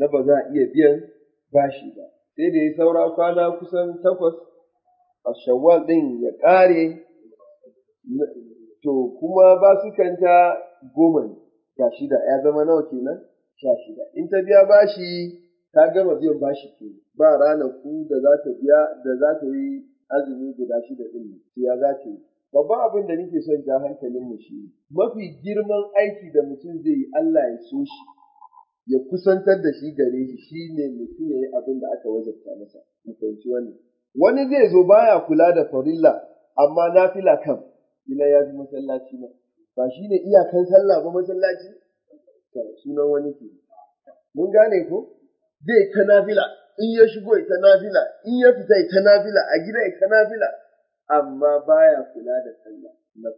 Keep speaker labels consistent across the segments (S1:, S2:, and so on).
S1: na ba za a iya biyan bashi ba. Sai da ya saura kwana kusan takwas a shawwal ɗin ya ƙare, to kuma basukanta goma ne, sha shida, ya zama nawa kenan? Sha shida. In ta biya bashi, ta gama biyan bashi kenan, ba ranaku da za ta biya da za ta yi azumi guda shida ɗin ne, ya za ta yi. Babban abin da nake son ja hankalin mu shi mafi girman aiki da mutum zai yi Allah ya so shi. ya kusantar da shi gare shi shi ne mutum ya yi abin da aka wajabta masa mu fahimci wannan wani zai zo baya kula da farilla amma na fila kam ila ya fi masallaci ba ba shi ne iyakan sallah ba masallaci Ka sunan wani ke mun gane ko zai ta nafila in ya shigo ita nafila in ya fita ita nafila a gida ita nafila amma baya kula da sallah na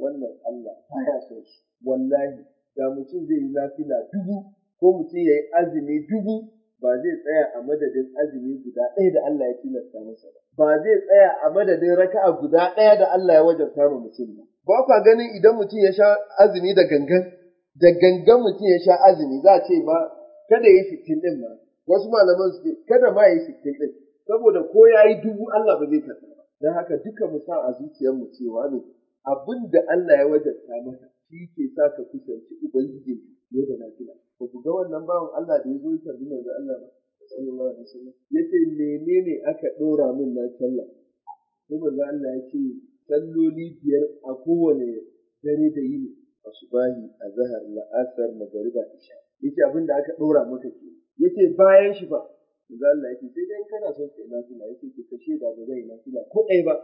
S1: wannan Allah baya so shi wallahi da mutum zai yi nafila dubu ko mutum ya yi azumi dubu ba zai tsaya a madadin azumi guda ɗaya da Allah ya tilasta masa ba. Ba zai tsaya a madadin raka'a guda ɗaya da Allah ya wajen ma mutum ba. Ba kwa ganin idan mutum ya sha azumi da gangan, da gangan mutum ya sha azumi za a ce ma kada ya yi sittin ɗin ma. Wasu malaman su ce kada ma ya yi sittin ɗin, saboda ko ya yi dubu Allah ba zai karɓa ba. Don haka duka mu sa a zuciyarmu cewa ne abin da Allah ya wajabta maka shi ke sa ka kusanci Ubangijinka. fiye da nafila ba ku ga wannan bawan Allah da ya zo ya tarbi manzo Allah ba sallallahu alaihi wasallam yace menene aka ɗora min na sallah sai manzo Allah ya ce salloli biyar a kowane dare da yini asubahi azhar la'asar magariba isha ce abin da aka ɗora maka ke Ya ce bayan shi ba manzo Allah ce sai dai kana son kai Ya ce ki kashe da ba zai nafila ko ɗaya ba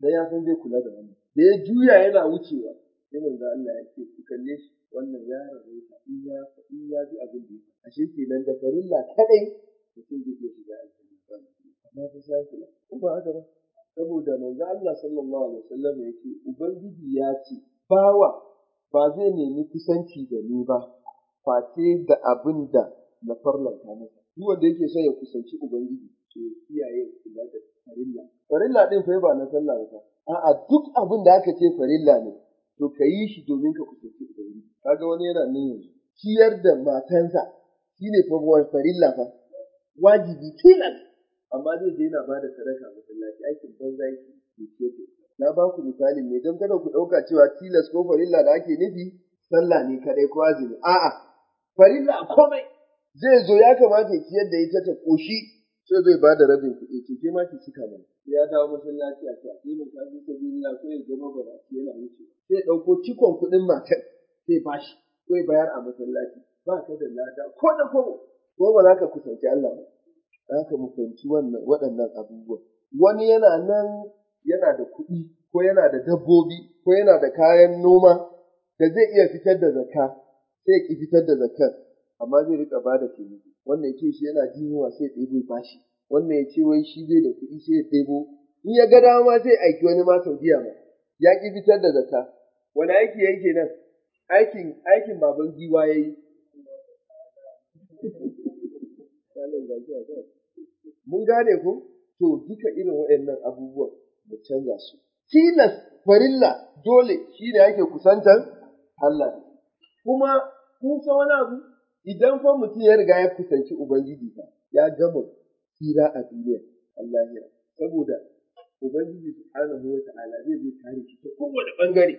S1: dan ya san zai kula da wannan da ya juya yana wucewa sai manzo Allah yace ku kalle shi wannan ya rawaita in ya in ya bi abin da yake ashe kenan da farilla kadai mutum zai iya shiga aljanna amma fa shafi ko ba haka ba saboda manzo Allah sallallahu alaihi wasallam yake ubangiji ya ce bawa ba zai nemi kusanci da ni ba face da abin da na farlanta masa duk wanda yake son ya kusanci ubangiji to ya kiyaye kula da farilla farilla din fa ba na sallah ba a'a duk abin da aka ce farilla ne to ka yi shi domin ka kusanci kaga wani yana nan yanzu ciyar da matansa shine fa farilla fa wajibi tilal. amma zai je yana bada sadaka masallaci aikin banza yake ke ce na ba ku misali ne don kada ku ɗauka cewa tilas ko farilla da ake nufi sallah ne kadai ko azumi a'a farilla komai zai zo ya kamata ya ciyar da ita ta koshi sai zai bada rabin kuɗi ce ke ma ki cika mana ya dawo masallaci a ta ke mun ka bi ta ko ya zama bara yana wuce sai ɗauko cikon kuɗin matar zai bashi ko ya bayar a masallaci ba ka da lada ko da ko ko ba za ka kusanci Allah ba za ka musanci wannan waɗannan abubuwan wani yana nan yana da kuɗi ko yana da dabbobi ko yana da kayan noma da zai iya fitar da zakka sai ki fitar da zakkar amma zai rika ba da taimako wannan ya ce shi yana jin yunwa sai ya ɗebo bashi wannan ya ce wai shi zai da kuɗi sai ya ɗebo in ya ga dama sai aiki wani ma biya ma ya ƙi fitar da zakka wani aiki yake nan aikin aikin baban giwa yi. mun gane ku. to duka irin waɗannan abubuwan mu canza su tilas farilla dole shi ne yake kusantar Allah kuma kun san wani abu idan kuma mutum ya riga ya kusanci ubangiji fa ya gama tsira a duniya Allah ya saboda ubangiji subhanahu wa ta'ala zai zai kare shi ta kowane bangare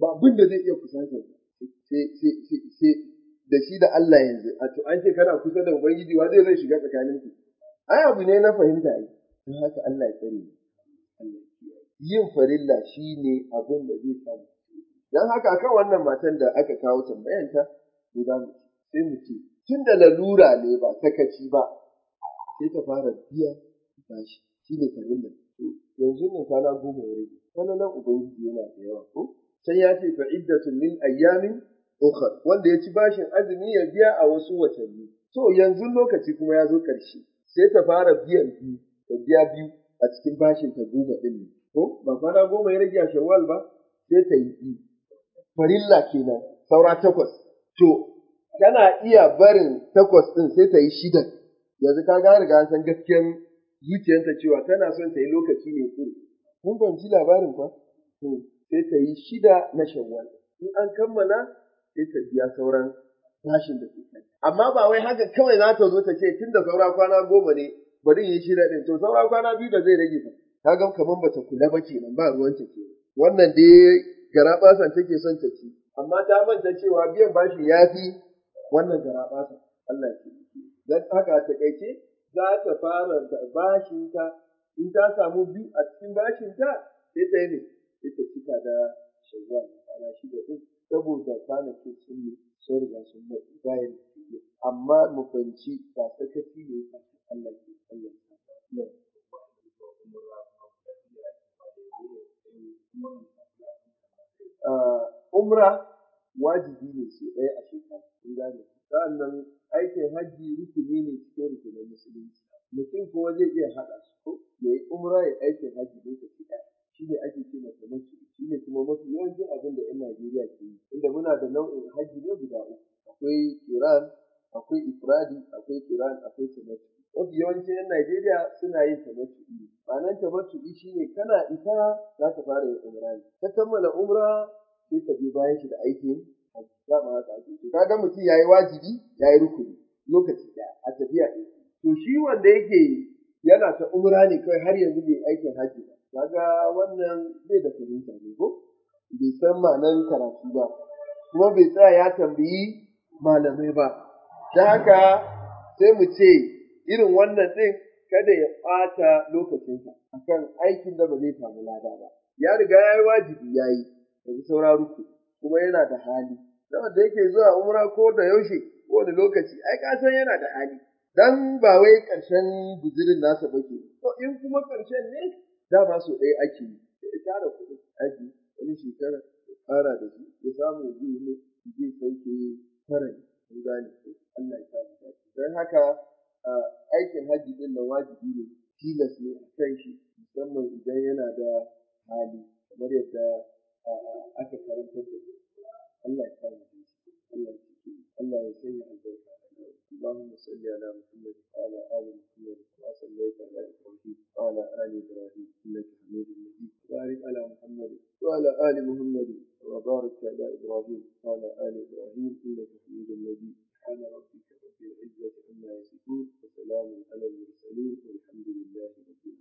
S1: ba abin da zai iya kusantar da shi da Allah yanzu a to an ce kana kusa da ubangiji wa zai zai shiga tsakanin ku ai abu ne na fahimta ai don haka Allah ya tsare Allah yin farilla shine abin da zai samu don haka akan wannan matan da aka kawo tambayanta to za mu sai mu ce tun da lalura ne ba sakaci ba sai ta fara biya Ba shi shine farilla to yanzu ne kwana goma ya rage kwana nan ubangiji yana da yawa ko sai ya ce fa'iddatun min ayyamin ukhra wanda ya ci bashin azumi ya biya a wasu watanni to yanzu lokaci kuma ya zo karshe sai ta fara biyan biyu ta biya biyu a cikin bashin ta goma ɗin ne ko ba kwana goma ya rage a shawwal ba sai ta yi biyu farilla kenan saura takwas to tana iya barin takwas din sai ta yi shida yanzu ka ga riga san gaskiyan zuciyarta cewa tana son ta yi lokaci ne kure kun fahimci labarin fa hmm. sai ta yi shida na shawwal in an kammala sai ta biya sauran bashin da take amma ba wai haka kawai za ta zo ta ce tunda saura kwana goma ne bari yi shida din to saura kwana biyu da zai rage ta kaga kaman bata kula ba kenan ba ruwan ta ke wannan dai gara basan take son ta ci amma ta manta cewa biyan bashi ya fi wannan gara basan Allah ya ce dan haka ta kaice za ta fara bashin ta in ta samu biyu a cikin bashin ta sai ta yi ne ita cika da shawwal kwana shida din saboda kwanakin sun ne sun riga sun matsi bayan da amma mu fahimci ba sakaci ne ya sa Allah ke Allah ya umra wajibi ne su ɗaya a shekara kun gane sa'annan aikin hajji rukuni ne cikin rukunin musulunci mutum kuma zai iya haɗa su ko ya yi umra ya aikin hajji lokaci shi ne ake ce masa masu'i shine kuma mafi yawancin abin da 'yan Najeriya ke yi inda muna da nau'in hajji ne guda uku akwai qiran akwai ifradi akwai qiran akwai tamattu mafi yawancin 'yan Najeriya suna yin tamattu'i ne ma'anar tamattu'i shi ne kana isa za ka fara yin umra ne ka kammala umra sai ka biyo bayan shi da aikin hajji dama haka ake so ka ga mutum ya yi wajibi ya yi rukuni lokaci ɗaya a tafiya ɗaya to shi wanda yake yana ta umra ne kawai har yanzu bai aikin hajji ba kaga wannan bai da fahimta ne ko bai san ma'anar karatu ba kuma bai tsaya ya tambayi malamai ba ta haka sai mu ce irin wannan din kada ya ɓata lokacinsa akan aikin da ba zai samu lada ba ya riga ya yi wajibi ya yi yanzu saura ruku kuma yana da hali saboda yake zuwa umra ko da yaushe ko da lokaci ai ka san yana da hali dan ba wai ƙarshen bujirin nasa ba ke to in kuma ƙarshen ne dama su ɗaya ake yi da ya tara kuɗin aji wani shekara ya ƙara da shi ya samu zai yi zai sauke farari kun gane ko Allah ya dace don haka aikin haji din nan wajibi ne tilas ne a kan shi musamman idan yana da hali kamar yadda aka karantar da Allah ya samu dace Allah ya sanya albarka اللهم صل على محمد وعلى آل محمد كما صليت على إبراهيم وعلى آل إبراهيم إنك حميد مجيد وبارك على محمد وعلى آل محمد وبارك على إبراهيم وعلى آل إبراهيم إنك حميد مجيد سبحان ربك رب العزة عما يصفون وسلام على المرسلين والحمد لله رب العالمين